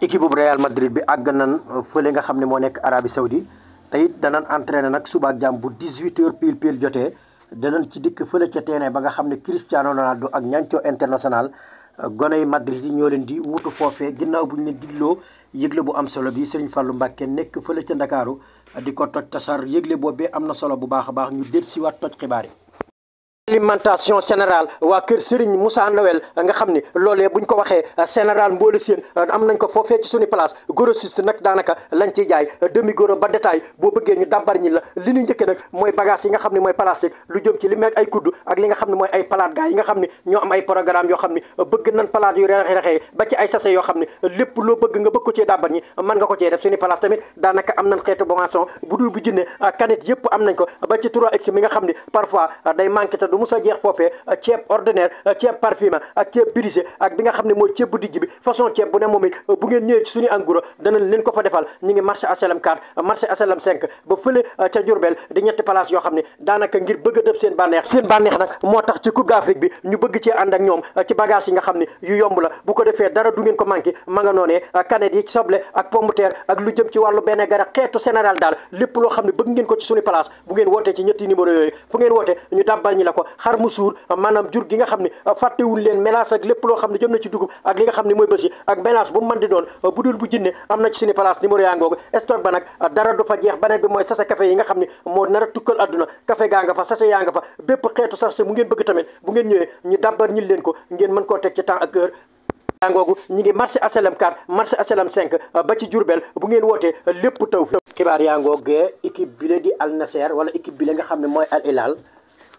équipe bu Real Madrid bi àgg nan euh, fële nga xam ne moo nekk Arabie Saoudi te it danañ entraîné nag suba ak jàmm bu 18h pile pile jotee danañ ci dikk fële ca terrain ba nga xam ne Cristiano Ronaldo ak ñancoo international euh, goney Madrid yi ñoo leen di wutu foofee ginnaaw bu ñu leen digloo yëgle bu am solo bi Serigne Fallou Mbacke nekk fële ca Ndakaaru di ko toj tasar yëgle boobee am na solo bu baax a baax ñu dellusiwaat toj xibaar yi. alimentation générale waa kër Serigne Moussa Noël nga xam ni loolee buñ ko waxee général mboole seen am nañ ko foofee ci suñu place grossiste nag daanaka lañ ciy jaay demi goro ba détail boo bëggee ñu dabar ñi la li ñu njëkkee nag mooy bagage yi nga xam ne mooy plastique lu jëm ci li meeg ay kudd palaat gaa yi nga xam ne ñoo am ay programme yoo xam ne bëgg nañ palaat yu rexe-rexee ba ci ay sachet yoo xam ne lépp loo bëgg nga bëgg ko cee dabar ñi mën nga ko cee def suñu tamit daanaka mos a jeex foofee euh, ceeb ordinaire euh, ceeb parfumé ak euh, ceeb brisé ak bi nga xam ne mooy ceeb bu dijj bi façon ceeb bu ne moom it bu ngeen ñëwee ci suñu engrais danañ leen ko fa defal ñu ngi marché HLM 4 marché HLM 5 ba fële ca Diourbel di ñetti place yoo xam ne daanaka ngir bëgg a def seen bànneex seen bànneex nag moo tax ci Coupe d'Afrique bi ñu bëgg cee ànd ak ñoom ci bagage yi nga xam ne yu yomb la bu ko defee dara du ngeen ko manqué ma nga noonee kanet yi soble ak pomme lu jëm wàllu benn gara xeetu général daal lépp loo xam ne bëgg ngeen ko ci suñu place bu ngeen wootee ci ñetti numéro yooyu fu ngeen xar mu suur maanaam jur gi nga xam ne uh, fàttewul leen mélange ak lépp loo xam ne jëm na ci dugub ak li nga xam ne mooy bësi ak mélange bu mu di doon uh, bu dul bu jinne am na ci suñu place numéro yaa ngoogu stock ba nag uh, dara du fa jeex beneen bi mooy sase café yi nga xam ne moo nar a tukkal adduna café gaa nga fa sase yaa nga fa bépp xeetu sase mu ngeen bëgg tamit bu ngeen ñëwee ñu dabbar ñil leen ko ngeen mën koo teg ci temps ak heure ngoogu ñi ngi marché HLM 4 marché HLM 5 bu ngeen wootee lépp taw xibaar yaa ngoogee équipe bi la di wala équipe bi la nga xam ne mooy Al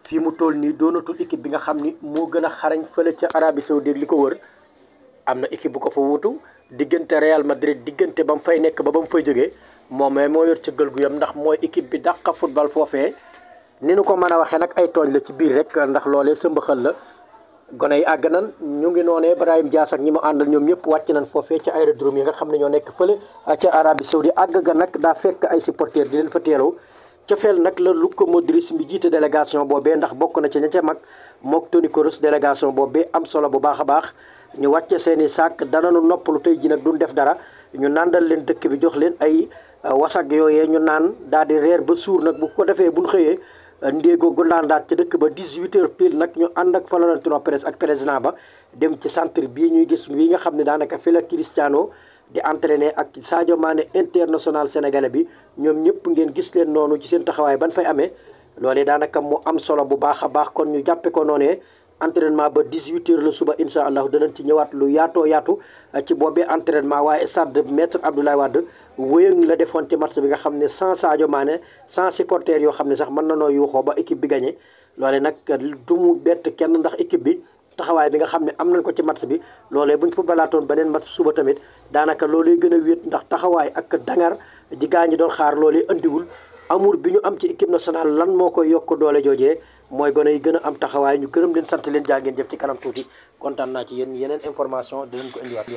fii mu tool nii doonatul équipe bi nga xam ni moo gën a xarañ fële ca Arabie Saoudite li ko wër am na équipe bu ko fa wuutu diggante Real Madrid diggante ba mu fay nekk ba ba mu fay jógee moom mais moo yor cëggal gu yam ndax mooy équipe bi daq dàqa football foofee ni nu ko mën a waxee nag ay tooñ la ci biir rek ndax loole loolee sëmbaxal la gone yi àgg nan ñu ngi noonee Brahim Diaz ak ñi mu àndal ñoom ñëpp wàcc nañ foofee ca aérodrome yi nga xam ne ñoo nekk fële ca Arabie àgg ga nag daa fekk ay supporters di leen fa teeloo cofeel nag la Luka Modric mi jiite délégation boobee ndax bokk na ci ne ca mag mook Toni Kroos délégation boobee am solo bu baax a baax ñu wàcce seen i saak danañu noppalu tey ji nag duñ def dara ñu nàndal leen dëkk bi jox leen ay euh, wasag yooyee ñu naan daal di reer ba suur nag bu ko defee buñ xëyee euh, ndéego gu ndaandaat ci dëkk ba 18 heures pile nag ñu ànd ak Florentino Pérez ak président ba dem ci centre bii ñuy gis bii nga xam ne daanaka fi la Cristiano di entraîner ak Sadio maane international sénégalais bi ñoom ñëpp ngeen gis leen noonu ci seen taxawaay ban fay amee loolee daanaka mu am solo bu baax a baax kon ñu jàppe ko noonee entraînement ba 18 heures la suba incha allah danañ ci ñëwaat lu yaatoo yaatu eh, ci boobee entraînement waaye stade maître Abdoulaye Wade wëyëng la defoon ci match bi nga xam ne sans Sadio Mané san supporters yoo xam ne sax mën na noo yuuxoo ba équipe bi gagné loole nag du mu bett kenn ndax équipe bi taxawaay bi nga xam ne am nañ ko ci match bi loolee buñ fa balaatoon beneen match suba tamit daanaka loolee gën a wéet ndax taxawaay ak dangar ji gaa ñi doon xaar loolee andiwul amour bi ñu am ci équipe nationale lan moo koy yokk doole joojee mooy gone yi gën am taxawaay ñu gërëm leen sant leen jaa ngeen jëf ci kanam tuuti kontaan naa ci yéen yeneen information dinañ ko indiwaat